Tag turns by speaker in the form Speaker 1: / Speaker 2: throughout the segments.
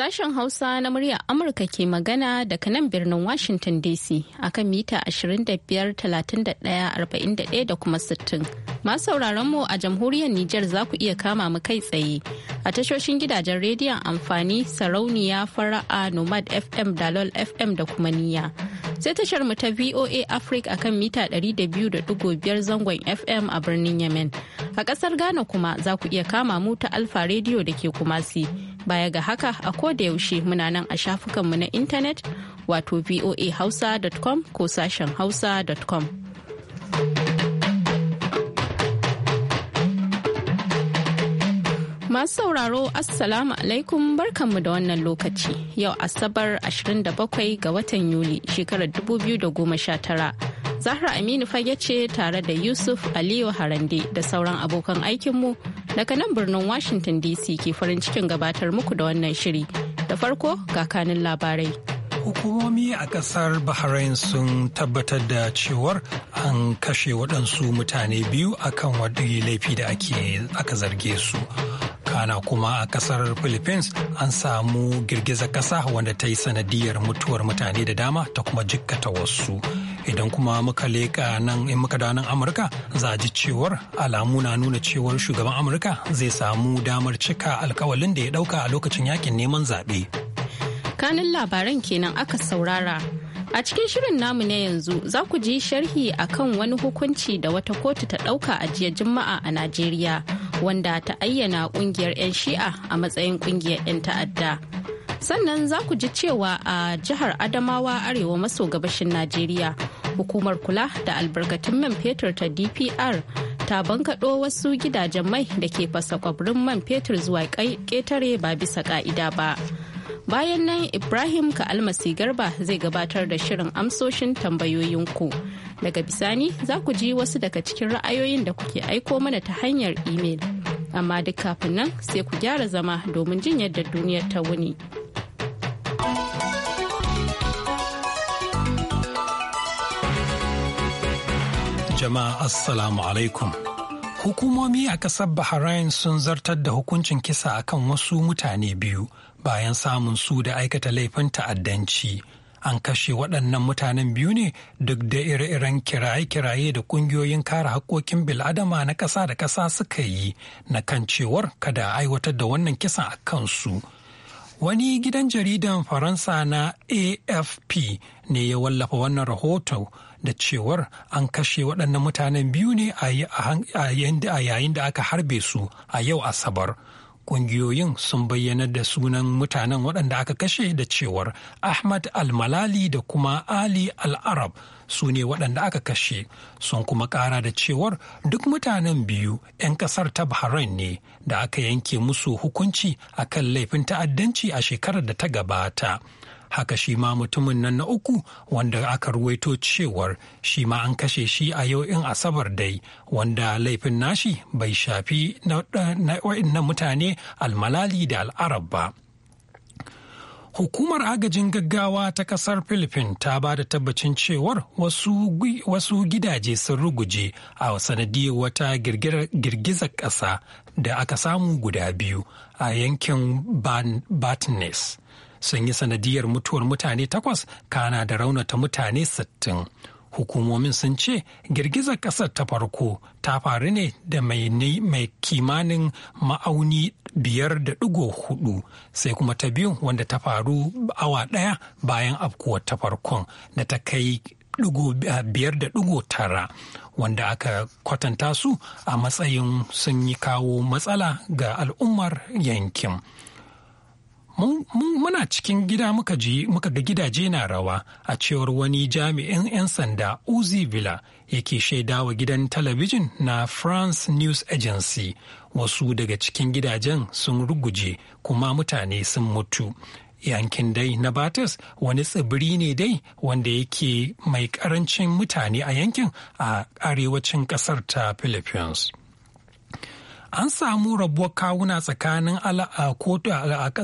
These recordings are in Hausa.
Speaker 1: Sashen Hausa na murya Amurka ke magana daga nan birnin Washington DC a kan mita 25-31-41 da kuma 60. Masu sauraron mu a jamhuriyar Nijar za ku iya kama mu kai tsaye a tashoshin gidajen rediyon amfani sarauniya fara'a Nomad FM Dalol FM da kuma niya. Sai tashar mu ta VOA Africa a kan mita 200.5 zangon FM a birnin Yemen. A ƙasar Ghana kuma za ku iya kama mu ta Alfa Radio da ke Kumasi. Baya ga haka a yaushe muna nan a shafukanmu na intanet wato voahausa.com ko sashen hausa.com. Masu sauraro Assalamu alaikum barkanmu da wannan lokaci yau Asabar 27 ga watan Yuli shekarar 2019. Zahra Aminu fage ce tare da Yusuf Aliyu Harande da sauran abokan aikinmu Daga nan birnin Washington DC ke farin cikin gabatar muku da wannan shiri. Da farko kakanin labarai.
Speaker 2: Hukumomi a kasar Bahrain sun tabbatar da cewar an kashe waɗansu mutane biyu akan wadda laifi da aka zarge su. kana kuma a kasar philippines an samu girgiza ƙasa wanda ta yi sanadiyar mutuwar mutane da dama ta kuma jikkata wasu idan kuma muka leƙa nan in muka da nan amurka za a ji cewar alamu na nuna cewar shugaban amurka zai samu damar cika alkawalin da ya ɗauka a lokacin yakin neman zaɓe
Speaker 1: kanin labaran kenan aka saurara a cikin shirin namu na yanzu za ku ji sharhi a kan wani hukunci da wata kotu ta ɗauka a jiya juma'a a najeriya wanda ta ayyana kungiyar 'yan shi'a a matsayin kungiyar 'yan ta'adda sannan za ku ji cewa a jihar adamawa arewa maso gabashin najeriya hukumar kula da albarkatun man fetur ta dpr ta bankaɗo wasu gidajen mai da ke fasa kwabrin man fetur zuwa ƙetare ba bisa ƙa'ida ba bayan nan ibrahim almasi garba zai gabatar da shirin amsoshin tambayoyinku daga bisani za ku ji wasu daga cikin ra'ayoyin da kuke aiko mana ta hanyar imel amma duk kafin nan sai ku gyara zama domin jin yadda duniyar ta wuni.
Speaker 2: Jama'a Assalamu alaikum. Hukumomi a ƙasar Bahrain sun zartar da hukuncin kisa akan wasu mutane biyu bayan samun su da aikata laifin ta'addanci. An kashe waɗannan mutanen biyu ne duk da ire-iren kiraye-kiraye da ƙungiyoyin kare haƙƙoƙin bil'adama na ƙasa da ƙasa suka yi na kan cewar kada a aiwatar da wannan kisa a kansu. Wani gidan jaridan Faransa na AFP ne ya wallafa wannan rahoto da cewar an kashe waɗannan mutanen biyu ne a yayin da aka harbe su a yau Asabar. ƙungiyoyin sun bayyana da sunan mutanen waɗanda aka kashe da cewar ahmad al-malali da kuma ali al-arab su ne waɗanda aka kashe sun kuma ƙara da cewar duk mutanen biyu 'yan ƙasar ta bahrain ne da aka yanke musu hukunci a kan laifin ta'addanci a shekarar da ta gabata. haka shi ma mutumin nan na uku wanda aka ruwaito cewar shi ma an kashe shi a yau in asabar dai wanda laifin nashi bai shafi na, mutane almalali da al'arab ba Hukumar agajin gaggawa ta kasar Philippines ta ba da tabbacin cewar wasu, gidaje sun ruguje a sanadiyar wata girgizar ƙasa da aka samu guda biyu a yankin Batnes. sun yi sanadiyar mutuwar mutane takwas kana da raunata mutane sittin. Hukumomin sun ce girgizar ƙasar ta farko ta faru ne da mai kimanin ma'auni biyar da ɗigo hudu sai kuma ta biyu wanda ta faru awa ɗaya bayan afkuwar ta farkon da ta kai biyar da ɗigo tara wanda aka kwatanta su a matsayin sun yi kawo matsala ga al'ummar yankin. muna cikin gida muka ji muka ga gidaje na rawa a cewar wani jami'in 'yan sanda uzi villa yake shaidawa gidan talabijin na france news agency wasu daga cikin gidajen sun ruguje kuma mutane sun mutu yankin dai na batis wani tsibiri ne dai wanda yake mai karancin mutane a yankin a arewacin kasar ta philippines an samu rabuwar kawuna tsakanin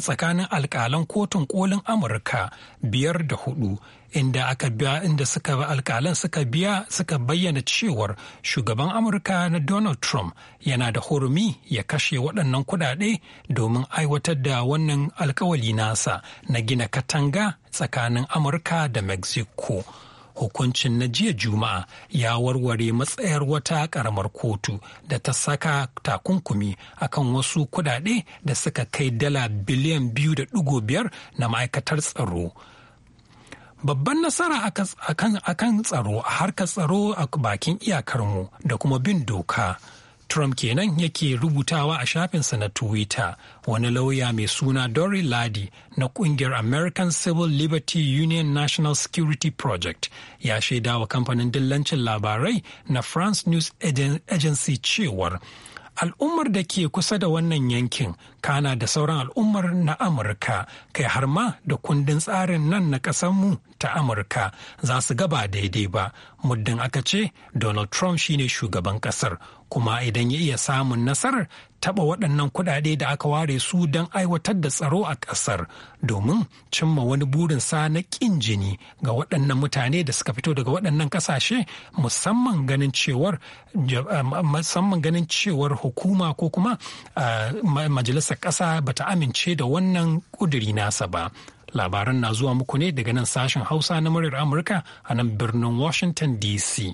Speaker 2: tsakanin alkalan kotun kolin amurka biyar da hudu inda aka biya inda suka alkalan suka biya suka bayyana cewar shugaban amurka na donald trump yana da hurumi ya kashe waɗannan kuɗaɗe domin aiwatar da wannan alkawali nasa na gina katanga tsakanin amurka da mexico hukuncin na jiya juma'a ya warware matsayar wata karamar kotu da ta saka takunkumi akan wasu kudade da suka kai dala biliyan biyu da digo biyar na ma'aikatar tsaro babban nasara akan tsaro a harkar tsaro a bakin iyakarmu da kuma bin doka Trump kenan yake rubutawa a shafinsa na Twitter wani lauya mai suna Dory Ladi na kungiyar American Civil Liberty Union National Security Project ya shaida wa kamfanin dillancin labarai na France News Agency cewar al'ummar da ke kusa da wannan yankin kana da sauran al'ummar na amurka kai har ma da kundin tsarin nan na ƙasarmu ta amurka za su gaba daidai ba muddin aka ce donald trump shine shugaban ƙasar kuma idan ya iya samun nasarar taɓa waɗannan kuɗaɗe da aka ware su don aiwatar da tsaro a ƙasar domin cimma wani burin sa na ƙin jini ga waɗannan mutane da suka fito daga waɗannan ƙasashe musamman ganin cewar musamman ganin cewar hukuma ko kuma ah, majalisa. ƙasa ba ta amince da wannan ƙuduri nasa ba. Labaran na zuwa muku ne daga nan sashen Hausa na muryar Amurka a nan birnin Washington DC.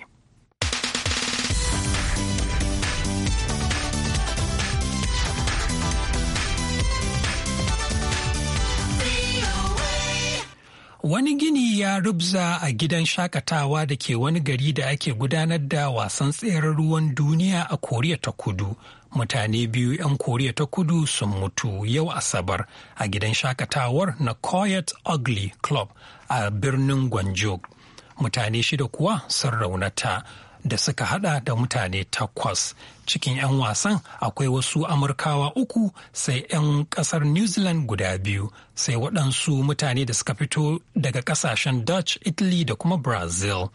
Speaker 2: Wani gini ya rubza a gidan shakatawa da ke wani gari da ake gudanar da wasan tseren ruwan duniya a Koriya ta kudu mutane biyu 'yan koriya ta kudu sun mutu yau asabar a gidan shakatawar na koyat ugly club a birnin gwanjo mutane shida kuwa sun raunata da suka hada da mutane takwas cikin 'yan wasan akwai wasu amurkawa uku sai 'yan kasar new zealand guda biyu sai waɗansu mutane da suka fito daga kasashen dutch italy da kuma brazil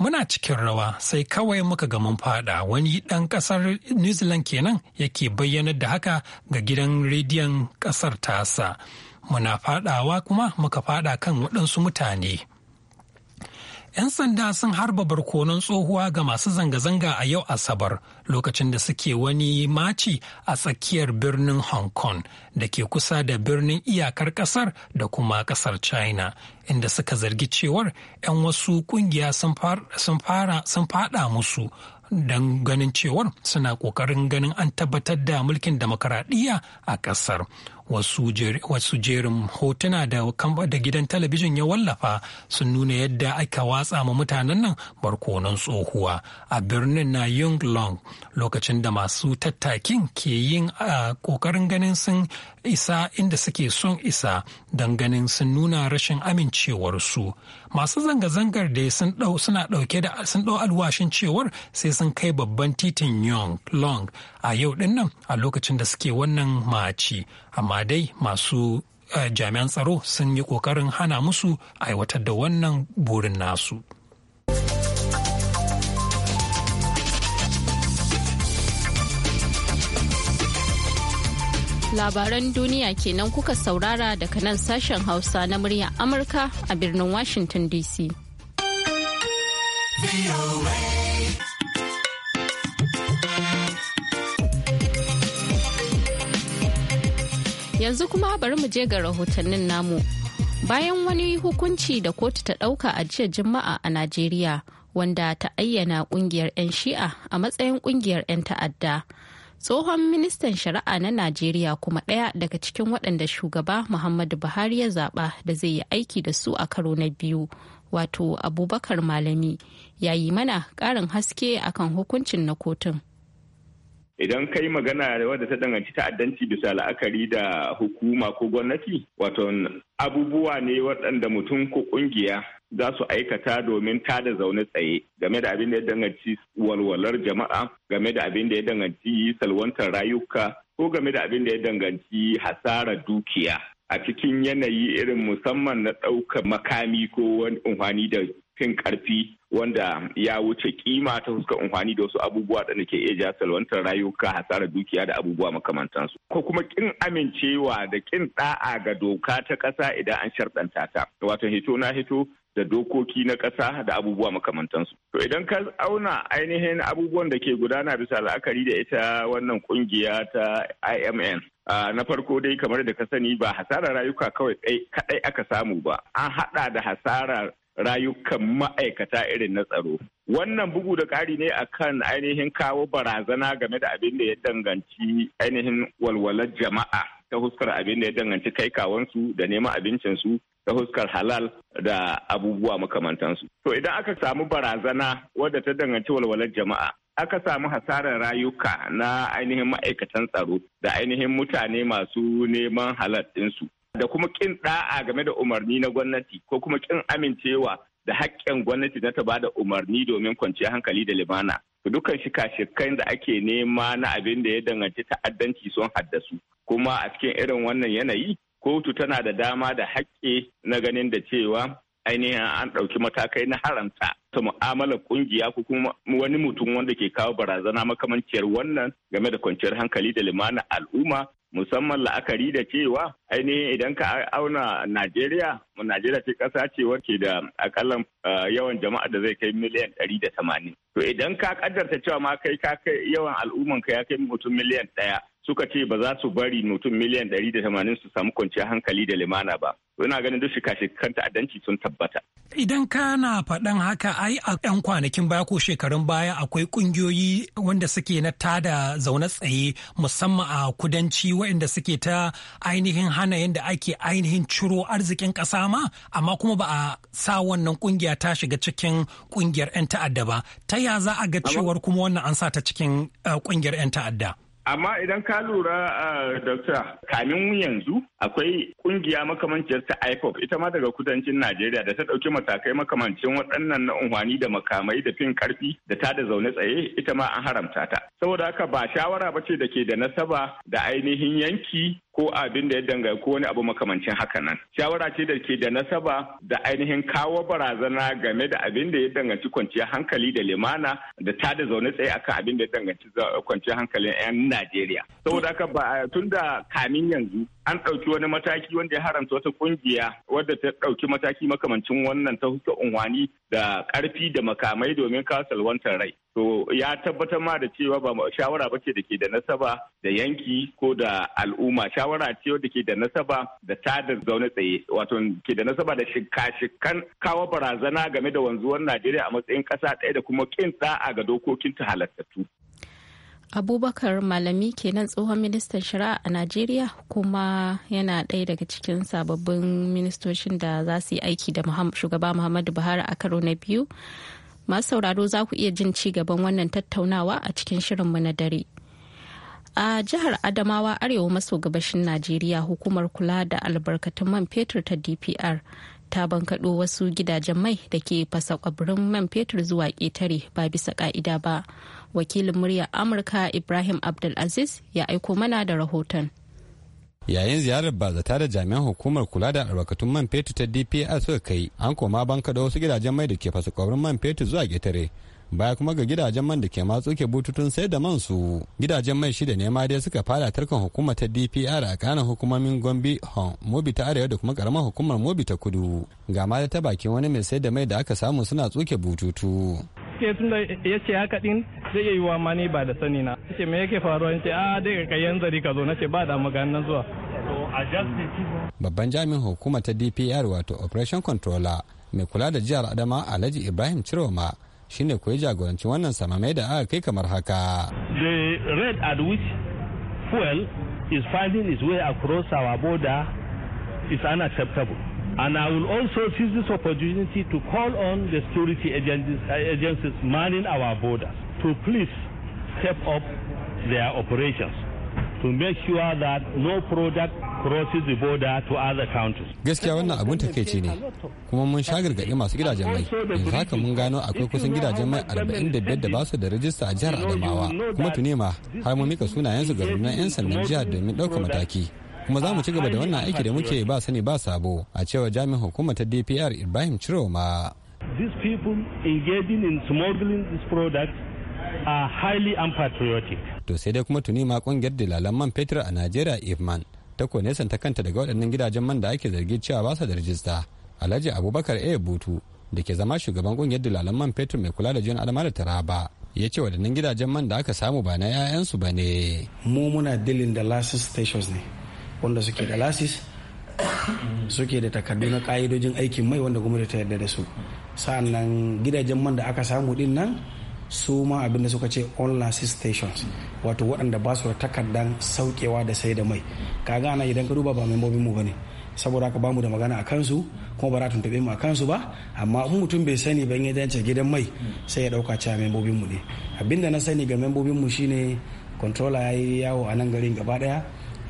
Speaker 2: muna cikin rawa sai kawai muka ga mun fada wani ɗan ƙasar new zealand kenan yake bayyanar da haka ga gidan rediyon ƙasar tasa muna fadawa kuma muka fada kan waɗansu mutane 'Yan sanda sun harba barkonon tsohuwa ga masu zanga-zanga a yau Asabar lokacin da suke wani maci a tsakiyar birnin Hong Kong da ke kusa da birnin iyakar kasar da kuma kasar China, inda suka zargi cewar 'yan wasu kungiya sun fada musu don ganin cewar suna ƙoƙarin ganin an tabbatar da mulkin demokaradiyya a kasar. wasu jerin hotuna da gidan talabijin ya wallafa sun nuna yadda aka watsa ma mutanen nan barkonon tsohuwa a birnin na yung long lokacin da masu tattakin ke yin a kokarin ganin sun isa inda suke son isa don ganin sun nuna rashin amincewarsu masu zanga-zangar da suna dauke da sun dau alwashin cewar sai sun kai babban titin yong long a yau din a lokacin da suke wannan maci amma dai masu eh, jami'an tsaro sun yi kokarin hana musu aiwatar da wannan burin nasu.
Speaker 1: Labaran duniya kenan kuka saurara daga nan sashen Hausa na murya Amurka a birnin Washington DC. yanzu kuma bari mu je ga rahotannin namu. Bayan wani hukunci da kotu ta ɗauka a jiya Juma'a a Najeriya wanda ta ayyana ƙungiyar 'yan shi'a a matsayin ƙungiyar 'yan ta'adda. Tsohon ministan shari'a na Najeriya kuma ɗaya daga cikin waɗanda shugaba Muhammadu Buhari ya zaɓa da zai yi aiki da su a karo na biyu, wato Abubakar Malami, ya yi mana ƙarin haske akan hukuncin na kotun.
Speaker 3: idan kai magana wadda ta danganci ta'addanci bisa la'akari da hukuma ko gwamnati wato abubuwa ne waɗanda mutum ko ƙungiya za su aikata domin tada zaune tsaye game da abin da ya danganci walwalar jama'a game da abin da ya danganci salwantar rayuka ko game da abin da ya danganci hasarar dukiya a cikin yanayi irin musamman na ɗaukar makami ko wani da fin ƙarfi wanda ya wuce kima ta fuskar amfani da wasu abubuwa da ke iya ja salwantar rayuka hasarar dukiya da abubuwa makamantansu ko kuma kin amincewa da kin da'a ga doka ta ƙasa idan an sharɗanta ta wato hito na hito da dokoki na kasa da abubuwa makamantansu to idan ka auna ainihin abubuwan da ke gudana bisa la'akari da ita wannan kungiya ta IMN na farko dai kamar da ka sani ba hasarar rayuka kawai kadai aka samu ba an haɗa da hasarar rayukan ma'aikata irin na tsaro. Wannan bugu da ƙari ne a kan ainihin kawo barazana game da abin da ya danganci ainihin walwalar jama'a ta huskar abin da ya danganci kai kawansu da neman abincinsu ta huskar halal da abubuwa makamantansu. To idan aka samu barazana wadda ta danganci walwalar jama'a aka samu hasarar rayuka na ainihin ma'aikatan tsaro da ainihin mutane masu neman halal ɗinsu. da kuma kin da'a game da umarni na gwamnati ko kuma kin amincewa da haƙƙin gwamnati na ta ba da umarni domin kwanciyar hankali da limana. Dukkan shika-shikan da ake nema na abin da ya danganci ta'addanci sun haddasu. Kuma a cikin irin wannan yanayi, kotu tana da dama da haƙƙi na ganin da cewa ainihin an ɗauki matakai na haramta ta mu'amalar ƙungiya ko kuma wani mutum wanda ke kawo barazana makamanciyar wannan game da kwanciyar hankali da limana al'umma musamman la'akari da cewa ainihin idan ka auna Najeriya, Najeriya ce ƙasa ce wacce da akalla eh, yawan jama'a da zai kai miliyan ɗari da tamanin. To idan ka kaddarta cewa ma kai ka kai yawan al'umman ka ya kai mutum miliyan ɗaya, suka ce ba za su bari mutum miliyan ɗari da su samu kwanciyar hankali da limana ba. Yana ganin duk shika-shikan ta'addanci sun tabbata.
Speaker 2: Idan kana faɗan haka ai a 'yan kwanakin baya ko shekarun baya akwai ƙungiyoyi wanda suke na tada zaune tsaye musamman a kudanci waɗanda suke ta ainihin hana yadda ake ainihin ciro arzikin ƙasa ma amma kuma ba a sa wannan ƙungiya ta shiga cikin ƙungiyar 'yan ta'adda ba. Ta ya za a ga cewar kuma wannan an sa ta cikin eh, ƙungiyar 'yan ta'adda?
Speaker 3: amma idan ka lura a ah, dokta kamin yanzu akwai kungiya makamanciyar ta ipop ita ma daga kudancin najeriya da ta dauki matakai makamancin waɗannan na unhwani da makamai da fin karfi da ta da zaune tsaye ita ma an haramta ta saboda haka ba shawara ba ce da ke da nasaba da ainihin yanki ko abin da ya danga ko wani abu makamancin haka nan shawara ce da ke da nasaba da ainihin kawo barazana game da abin da ya danganci kwanciyar hankali da limana da ta da zaune tsaye akan abin da ya danganci kwanciyar hankalin 'yan Najeriya saboda haka ba tun da kamin yanzu an ɗauki wani mataki wanda ya haramta wata ƙungiya wadda ta ɗauki mataki makamancin wannan ta huska unwani da ƙarfi da makamai domin kawo salwantar rai. To ya tabbatar ma da cewa ba shawara ba ce da ke da nasaba da yanki ko da al'umma shawara ce wadda ke da nasaba da tada zaune tsaye wato ke da nasaba da shikka shikan kawo barazana game da wanzuwar Najeriya a matsayin ƙasa ɗaya da kuma ƙin tsa'a ga dokokin ta halattattu.
Speaker 1: abubakar malami kenan tsohon ministan shari'a a najeriya kuma yana ɗaya daga cikin sababbin ministocin da za su yi aiki da shugaba muhammadu buhari a karo na biyu masu sauraro za ku iya jin ci gaban wannan tattaunawa a cikin shirinmu na dare a jihar adamawa arewa maso gabashin najeriya hukumar kula da albarkatun man fetur ta dpr ta bankaɗo wasu gidajen mai da ke fasa kwabirin man fetur zuwa ƙetare ba bisa ƙa'ida ba wakilin muryar amurka ibrahim abdulaziz ya aiko mana da rahoton
Speaker 4: yayin ziyarar bazata da jami'an hukumar kula da albarkatun man fetur ta dpr suka kai an koma bankaɗo wasu gidajen mai da ke fasa kwabirin man fetur zuwa ƙetare baya kuma ga gidajen man da ke ma tsuke bututun sai da man su gidajen mai shida ne ma dai suka fara tarkan hukumar ta DPR a kanan hukumomin Gombe Hon Mobi ta Arewa da kuma karamar hukumar Mobi ta Kudu ga ma ta bakin wani mai sai da mai da aka samu suna tsuke bututu
Speaker 5: ke tun da ya ce haka din zai iya yiwa ma ne ba da sani na ce me yake faruwa ce a ah, dai ka kayan zari ka zo na ce ba da maganin zuwa
Speaker 4: babban jami'in hukumar ta DPR wato operation controller mai kula da jihar Adama Alhaji Ibrahim Ciroma shine koyi jagoranci wannan samamai da aka kai kamar haka
Speaker 5: the rate at which fuel is finding its way across our border is unacceptable And I will also seize this opportunity to call on the security agencies, agencies manning our borders to please step up their operations to make sure that no product crosses the border
Speaker 4: to other countries. Gaskiya wannan abun takaici ne kuma mun sha gargaɗi masu gidajen mai yanzu haka mun gano akwai kusan gidajen mai 45 da basu da rajista a jihar Adamawa kuma tuni ma har mun mika sunayensu ga rundunar 'yan sandan jihar domin ɗaukar mataki. kuma za mu ci gaba da wannan aiki da muke ba sani ba sabo a cewa jami'in hukumar ta DPR Ibrahim Chiroma. These people engaging in smuggling this product are highly unpatriotic. To sai dai kuma tuni ma kungiyar dalalan man fetur a Najeriya Ifman ta ko nesanta kanta daga waɗannan gidajen man da ake zargi cewa ba su da rijista alhaji abubakar a butu da ke zama shugaban ƙungiyar dalalan man fetur mai kula da jiyan adama da taraba ya ce waɗannan gidajen man da aka samu ba na 'ya'yansu ba ne mu muna dilin da lasis stations ne wanda suke da lasis
Speaker 6: suke da takardu na ka'idojin aikin mai wanda gwamnati ta yarda da su sa'annan gidajen man da aka samu din nan su ma abinda suka ce online stations wato waɗanda ba su da takardan saukewa da sai da mai kaga ana idan ka duba ba membobin mu bane saboda haka bamu da magana a kansu kuma ba za tuntuɓe mu a kansu ba amma in mutum bai sani ban ya dace gidan mai sai ya dauka cewa membobin mu ne abin da na sani ga membobin mu shine controller ya yi yawo a nan garin gaba daya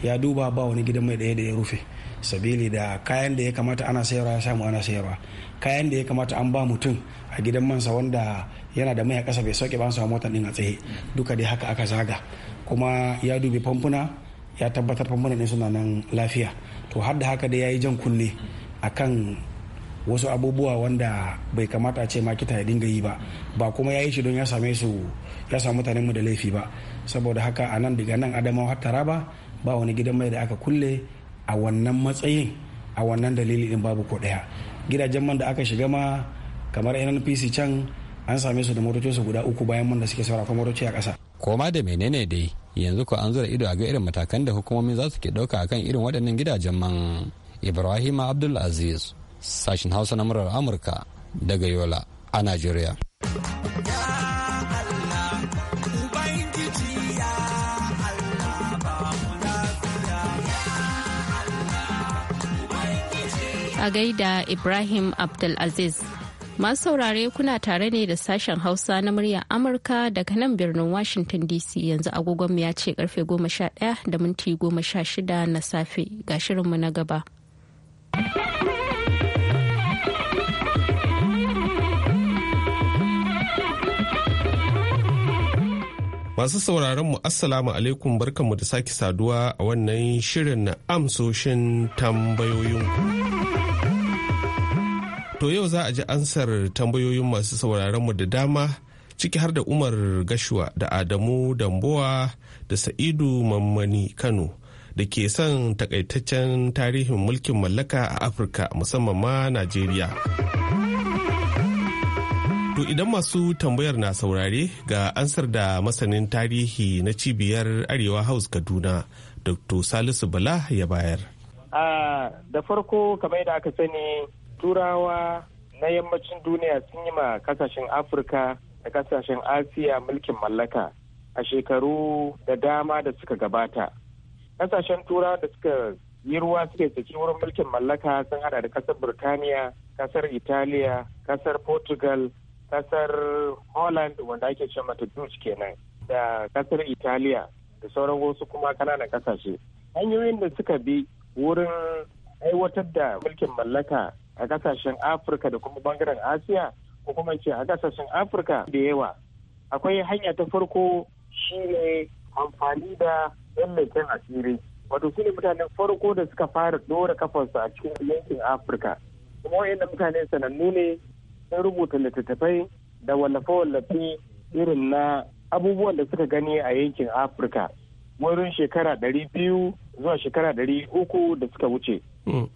Speaker 6: ya duba ba wani gidan mai daya da ya rufe sabili da kayan da ya kamata ana sayarwa ya samu ana sayarwa kayan da ya kamata an ba mutum a gidan mansa wanda yana da mai a kasa bai sauke ba su motar din a tsaye duka dai haka aka zaga kuma ya dubi famfuna ya tabbatar famfuna ne suna nan lafiya to har da haka dai ya yi jan kunne akan wasu abubuwa wanda bai kamata ce ma kita ya dinga yi ba ba kuma ya yi shi don ya same su ya samu mutanen mu da laifi ba saboda haka a nan daga nan adamawa har taraba ba wani gidan mai da aka kulle a wannan matsayin a wannan dalili din babu ko daya gidajen man da aka shiga ma kamar nnpc can an same su da motocinsu guda uku bayan mun suke saura kuma motoci a ƙasa.
Speaker 4: koma da menene dai yanzu ko an zura ido a ga irin matakan da hukumomi za su ke ɗauka a kan irin waɗannan gidajen man ibrahim abdul aziz sashin hausa na murar amurka daga yola a najeriya.
Speaker 1: a gaida Ibrahim Abdulaziz. Masu saurare kuna tare ne da sashen Hausa na murya Amurka daga nan birnin Washington DC yanzu agogonmu ya ce karfe 11 da minti 16 na safe ga shirinmu na gaba.
Speaker 5: Masu sauraronmu Assalamu alaikum barkanmu da sake saduwa a wannan shirin na amsoshin tambayoyinku. To yau za a ji ansar tambayoyin masu mu da dama ciki har da Umar Gashua da Adamu Damboa da Sa'idu Mammani Kano da ke son takaitaccen tarihin mulkin mallaka a Afirka musamman ma Najeriya. To idan masu tambayar na saurare ga ansar da masanin tarihi na cibiyar Arewa House Kaduna, Dr. Salisu Bala ya bayar.
Speaker 7: Ah, da farko kamar da aka sani turawa na yammacin duniya sun yi ma kasashen afirka da kasashen asiya mulkin mallaka a shekaru da dama da suka gabata kasashen turawa da suka yi ruwa suke saki wurin mulkin mallaka sun hada da kasar birtaniya kasar italiya kasar portugal kasar holland wanda ake ce mata dutch kenan da kasar italiya da sauran wasu kuma kananan kasashe hanyoyin da suka bi wurin aiwatar da mulkin mallaka a kasashen afirka da kuma bangaren asiya ko kuma ce a kasashen afirka da yawa akwai hanya ta farko shine amfani da yan leken asiri wato su ne mutanen farko da suka fara dora kafarsu a cikin yankin afirka kuma wa'in mutane sanannu ne sun rubuta littattafai da wallafe-wallafe irin na abubuwan da suka gani a yankin afirka wurin shekara ɗari zuwa shekara ɗari uku da suka wuce mm.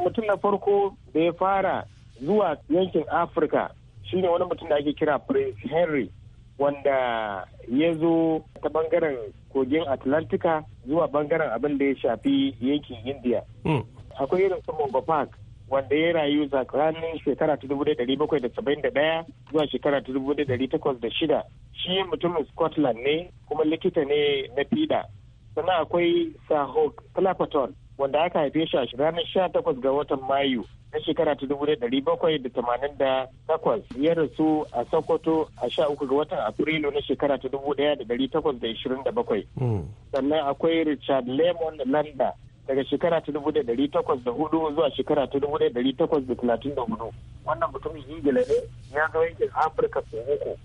Speaker 7: mutum na farko da ya fara zuwa yankin afirka shine wani mutum da ake kira prince henry wanda ya zo ta bangaren kogin atlantika zuwa bangaren abin da ya shafi yankin india hmm. akwai irin su mumba park wanda ya rayu tsakanin shekara ta dubu bakwai da saba'in da ɗaya zuwa shekara ta dubu takwas da shida shi mutumin scotland ne kuma likita ne na fida sannan akwai sahog clapperton wanda aka haife shi a ranar sha takwas ga watan mayu na shekara ta dubu ɗari bakwai da tamanin da takwas ya rasu a sokoto a sha uku ga watan afrilu na shekara ta dubu daya da dari takwas da ishirin da bakwai hmm. sannan akwai richard lemon landa daga shekara ta dubu dari takwas da hudu zuwa shekara ta dubu dari takwas da talatin da hudu wannan mutumin ingila ne ya zo yankin afirka sau uku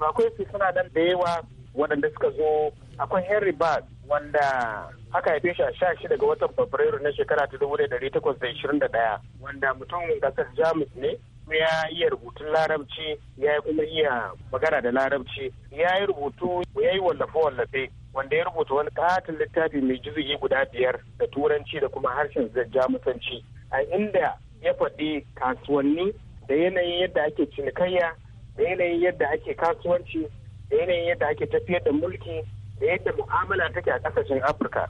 Speaker 7: akwai su suna nan da yawa waɗanda suka zo akwai henry bard wanda aka haife shi a sha shida ga watan fabrairu na shekara ta dubu ɗari takwas da ishirin da ɗaya wanda mutum ƙasar jamus ne ya iya rubutun larabci ya kuma iya magana da larabci ya yi rubutu ya yi wallafe-wallafe wanda ya rubuta wani katin littafi mai jizgi guda biyar da turanci da kuma harshen jamusanci a inda ya faɗi kasuwanni da yanayin yadda ake cinikayya da yanayin yadda ake kasuwanci da yanayin yadda ake tafiyar da mulki da yadda mu'amala take a ƙasashen afirka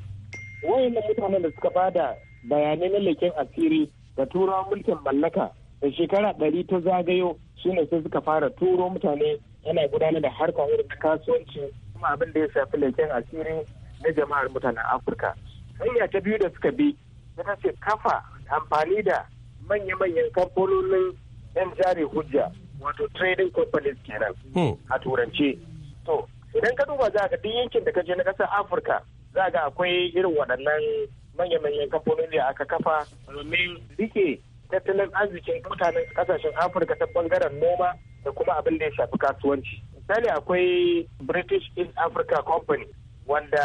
Speaker 7: wayan mutanen da suka bada bayanai na leken asiri da turawan mulkin mallaka da shekara ɗari ta zagayo shine sai suka fara turo mutane yana gudanar da harkar irin na kasuwanci kuma abin da ya shafi leken asiri na jama'ar mutanen afirka hanya ta biyu da suka bi ta ce kafa amfani da manya-manyan kamfanonin yan jari hujja wato trading companies kenan hmm. a turance to idan ka duba za ka duk yankin da ka je na ƙasar afirka za ga akwai irin waɗannan manya-manyan kamfanoni da aka kafa domin rike tattalin arzikin mutanen kasashen afirka ta bangaren noma da kuma abin da ya shafi kasuwanci misali akwai british east africa company wanda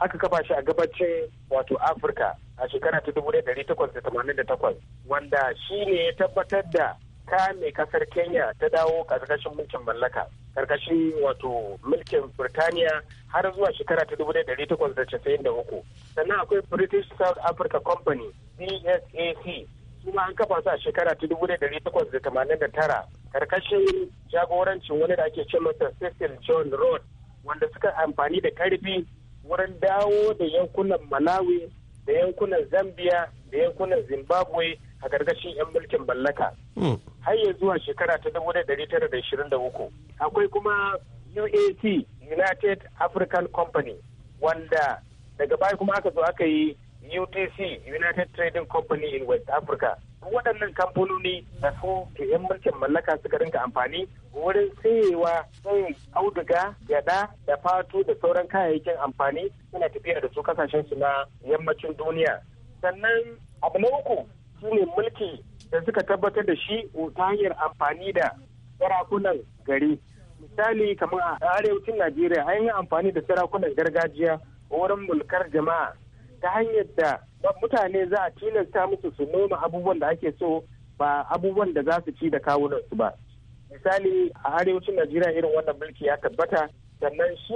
Speaker 7: aka kafa shi a gabacin wato afirka a shekara ta 1888 wanda shi ne ya tabbatar da kame kasar kenya ta dawo ƙarƙashin mulkin mallaka karkashin wato mulkin Birtaniya har zuwa shekara ta 1893. Sannan akwai British South Africa Company BSAC kuma an kafa su a shekara ta 1889 karkashin jagorancin wani da ake ce masa Cecil John Road wanda suka amfani da karfi wurin dawo da yankunan Malawi da yankunan Zambia da yankunan Zimbabwe a gargashin 'yan mulkin mallaka hmm. har yanzu zuwa shekara ta 1923 akwai kuma uac united african company wanda daga baya kuma aka zo aka yi utc united trading company in west africa waɗannan kamfanoni da su ke 'yan mulkin mallaka suka rinka amfani wurin sayewa sai auduga gyada da fatu da sauran kayayyakin amfani suna tafiya da su kasashen su na yammacin duniya sannan abu na uku su ne mulki da suka tabbatar da shi ta hanyar amfani da sarakunan gari misali kamar a arewacin najeriya an yi amfani da sarakunan gargajiya wurin mulkar jama'a ta hanyar da mutane za a tilasta musu su noma abubuwan da ake so ba abubuwan da za su ci da kawunansu ba misali a arewacin najeriya irin wannan mulki ya tabbata sannan shi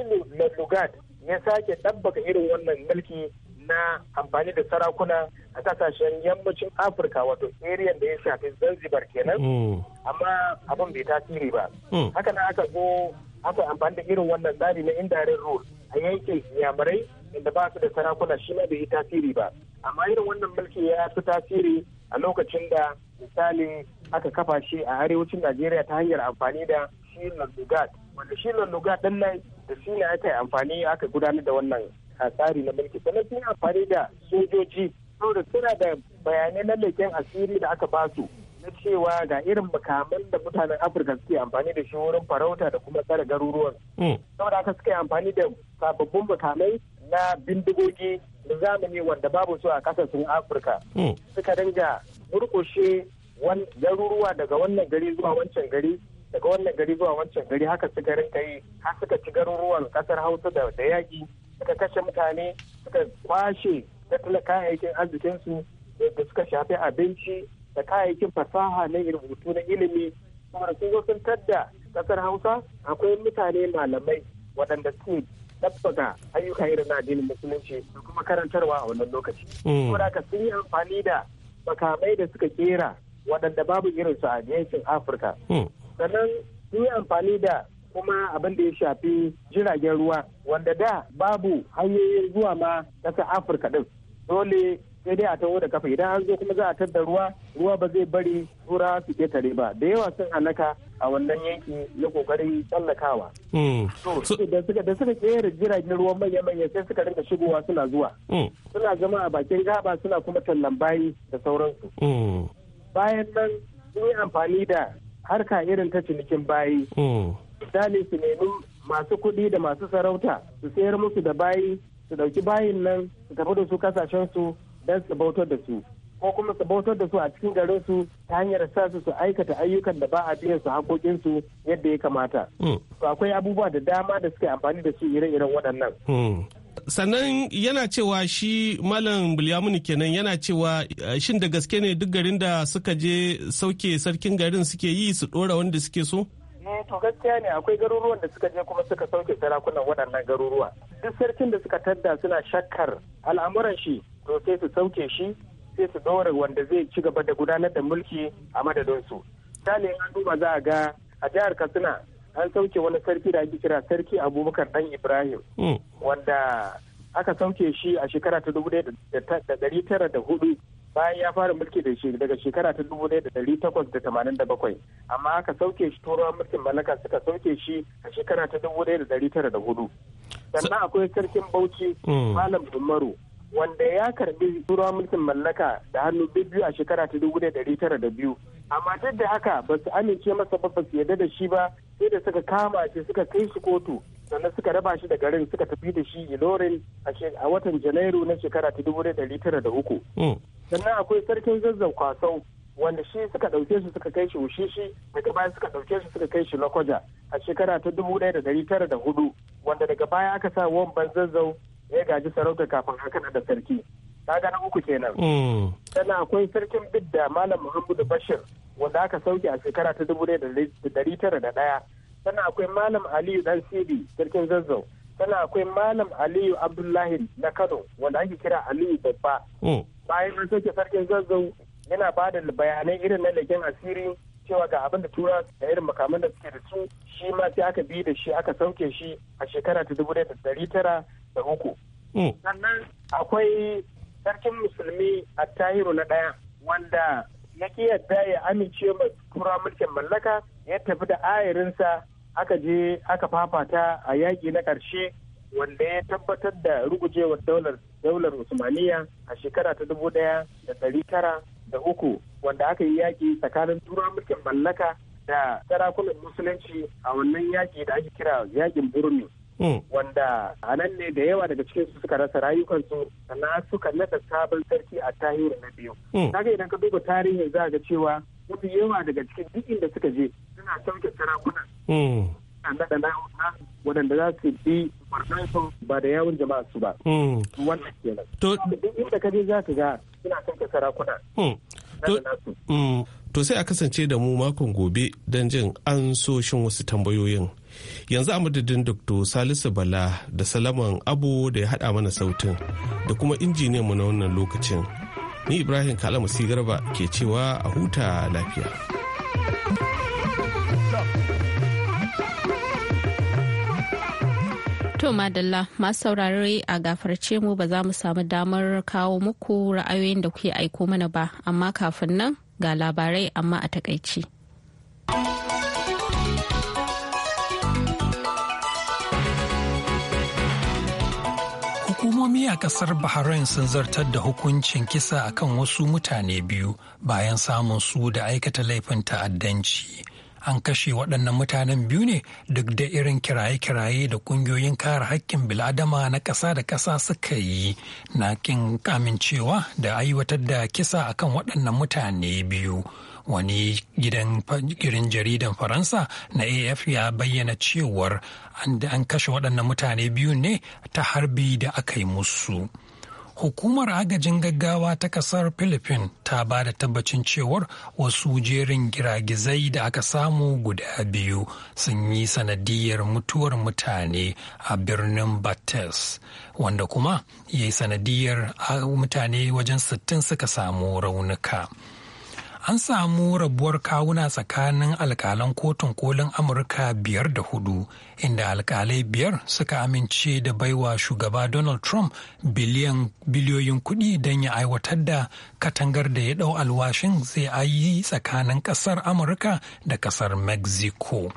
Speaker 7: lugard ya sake ɗabbaka irin wannan mulki na amfani da sarakuna a kasashen yammacin afirka wato area da ya shafi zanzibar kenan hmm. amma abin bai tasiri ba hmm. haka na aka zo aka amfani da irin wannan tsari na indirect rule a yankin yamurai inda ba su da sarakuna shi ma bai yi tasiri ba amma irin wannan mulki ya fi tasiri a lokacin da misali aka kafa shi a arewacin najeriya ta hanyar amfani da shi lalugat wanda shi lalugat din nan da shi ne aka yi amfani aka gudanar da wannan a tsari na mulki sannan sun amfani da sojoji saboda suna da bayanai na leken asiri da aka ba su na cewa ga irin makaman da mutanen afirka suke amfani da shi wurin farauta da kuma tsara garuruwan hmm. saboda haka suke amfani da sababbin makamai na bindigogi na zamani wanda babu su a kasashen afirka hmm. suka dinga murkushe garuruwa daga wannan gari zuwa wancan gari daga wannan gari zuwa wancan gari haka suka rinka yi har suka ci garuruwan kasar hausa da yaƙi suka kashe mutane suka kwashe tattalin kayayyakin arzikinsu da suka shafi abinci da kayayyakin fasaha na rubutu na ilimi kuma sun zo sun tadda kasar hausa akwai mutane malamai waɗanda su ɗabbaka ayyuka irin na addinin musulunci da kuma karantarwa a wannan lokaci. Kuma mm. haka sun yi amfani da makamai da suka kera waɗanda babu irinsu a yankin Afirka. Mm. Sannan sun yi amfani da kuma abin da ya shafi jiragen ruwa wanda da babu hanyoyin zuwa ma ƙasar afirka din dole sai dai a taho da kafa idan an zo kuma za a tadda ruwa ruwa ba zai bari tura su ketare ba da yawa sun halaka a wannan yanki na kokarin tsallakawa. Hmm. Da suka kera jiragen ruwan manya-manya sai suka rinka shigowa suna zuwa. Hmm. Suna zama a bakin gaba suna kuma tallan bayi da sauransu. Hmm. Bayan nan sun yi amfani da harka irin ta cinikin bayi. misali su nemi masu kuɗi da masu sarauta su sayar musu da bayi su ɗauki bayin nan su tafi da su kasashen su don su bautar da su ko kuma su bautar da su a cikin garin su ta hanyar sa su su aikata ayyukan da ba a biyan su hakokin su yadda ya kamata. Hmm. To akwai abubuwa da dama da suke amfani da su ire-iren waɗannan. Hmm.
Speaker 5: Sannan yana cewa shi Malam Bulyamuni kenan yana cewa eh, shin da gaske ne duk garin da suka je sauke sarkin garin suke yi su ɗora wanda suke so?
Speaker 7: Eh, to gaskiya ne akwai garuruwan da suka je kuma suka sauke sarakunan waɗannan garuruwa duk sarkin da suka tadda suna shakkar al'amuran shi to sai su sauke shi sai su ɗora wanda zai ci gaba da gudanar da mulki a madadinsu misali an duba za a ga a jihar katsina an sauke wani sarki da ake kira sarki abubakar dan ibrahim hmm. wanda aka sauke shi a shekara ta dubu da dari tara da hudu bayan ya fara mulki da shi daga shekara ta dubu ɗaya da ɗari takwas da tamanin da bakwai amma aka sauke shi turawan mulkin mallaka suka sauke shi a shekara ta dubu ɗaya da ɗari tara da hudu sannan akwai sarkin bauchi hmm. malam umaru wanda ya karbi turawan mulkin mallaka da hannu biyu a shekara ta dubu ɗaya da ɗari tara da biyu amma duk da haka ba su amince masa ba ba su yarda da shi ba sai da suka kama shi suka kai shi kotu sannan suka raba shi da garin suka tafi da shi ilorin a watan janairu na shekara ta dubu da tara da uku hmm. sannan akwai sarkin zazzau kwasau wanda shi suka ɗauke shi suka kai shi ushishi daga baya suka ɗauke shi suka kai shi lokoja a shekara ta dubu da dari tara da hudu wanda daga baya aka sa wamban zazzau ya gaji sarauta kafin haka na da sarki ta gana uku kenan hmm. sannan akwai sarkin bidda malam muhammadu bashir wanda aka sauke a shekara ta dubu da dari tara da ɗaya sannan akwai malam aliyu dan sidi sarkin zazzau sannan akwai malam aliyu abdullahi na kano wanda ake kira aliyu babba oh. bayan an sarkin zazzau yana ba da bayanai irin na leken asiri cewa ga abin da tura da irin makaman da suke da su shi ma sai aka bi da shi aka sauke shi a shekara ta dubu da dari tara da uku.
Speaker 8: Oh. sannan
Speaker 7: akwai sarkin musulmi a tahiru na ɗaya wanda ya yadda ya amince ma tura mulkin mallaka ya tafi da ayarinsa aka je aka fafata a yaƙi na ƙarshe wanda ya tabbatar da rugujewar daular daular usmaniya a shekara ta dubu ɗaya da ɗari tara da uku wanda aka yi yaƙi tsakanin turawa mulkin mallaka da sarakunan musulunci a wannan yaƙi da ake kira yaƙin burmi hmm. wanda a nan ne da yawa daga cikin su suka rasa rayukansu sannan suka nada sabon sarki a tahiru na biyu hmm. kaga idan ka duba tarihin za ga cewa mafi yawa daga cikin duk inda suka je suna sauke hmm. na naɗa waɗanda za su bi barnansu ba da yawon jama'a su ba. Hmm. Wannan kenan. To duk inda ka je za ka ga suna sauke sarakuna.
Speaker 5: Hmm. To sai a kasance da mu makon gobe don jin an so shin wasu tambayoyin. Yanzu a madadin Dr. Salisu Bala da Salaman Abu da ya haɗa mana sautin da kuma injiniyanmu na wannan lokacin. ni ibrahim kalamusi garba ke cewa a huta lafiya
Speaker 1: To madalla masu saurare a gafarce mu ba za mu samu damar kawo muku ra'ayoyin da kuke aiko mana ba amma kafin nan ga labarai amma a takaici.
Speaker 2: Hukumomi a kasar Bahrain sun zartar da hukuncin kisa akan wasu mutane biyu bayan samun su da aikata laifin ta'addanci. An kashe waɗannan mutanen biyu ne duk da irin kiraye-kiraye da ƙungiyoyin kare haƙƙin bil'adama na ƙasa da ƙasa suka yi na ƙin amincewa da aiwatar da kisa akan waɗannan mutane biyu. wani gidan jaridan faransa na af ya bayyana cewar an kashe waɗannan mutane biyu ne ta harbi da aka yi musu hukumar agajin gaggawa ta kasar philippines ta ba da tabbacin cewar wasu jerin giragizai da aka samu guda biyu sun yi sanadiyar mutuwar mutane a birnin bates wanda kuma ya yi sanadiyar mutane wajen sittin suka samu raunuka. an samu rabuwar kawuna tsakanin alkalan kotun kolin amurka biyar da hudu inda alkalai biyar suka amince da baiwa shugaba donald trump biliyoyin kudi don ya aiwatar da katangar da ya dau alwashin zai ayi tsakanin kasar amurka da kasar mexico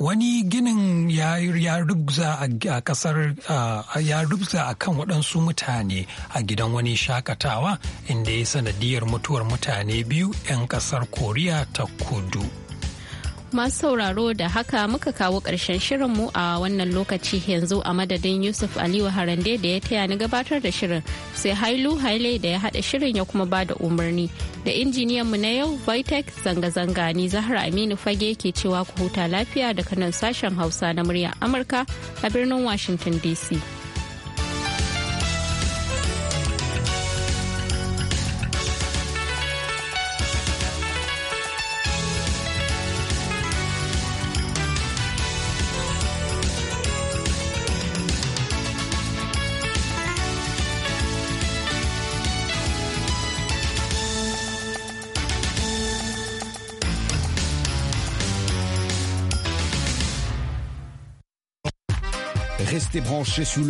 Speaker 2: wani ginin ya rubza a kan waɗansu mutane a gidan wani shakatawa inda ya sanadiyar mutuwar mutane biyu 'yan ƙasar koriya ta kudu
Speaker 1: masu sauraro da haka muka kawo ƙarshen shirinmu a wannan lokaci yanzu a madadin Yusuf Aliyu Harande da ya taya ni gabatar da shirin sai Hailu Haile da ya haɗa shirin ya kuma ba da umarni da injiniyanmu na yau Vitek zanga-zanga ni Zahra Aminu Fage ke cewa ku huta lafiya daga nan sashen Hausa na murya Amurka a birnin Washington DC.
Speaker 3: branché sous le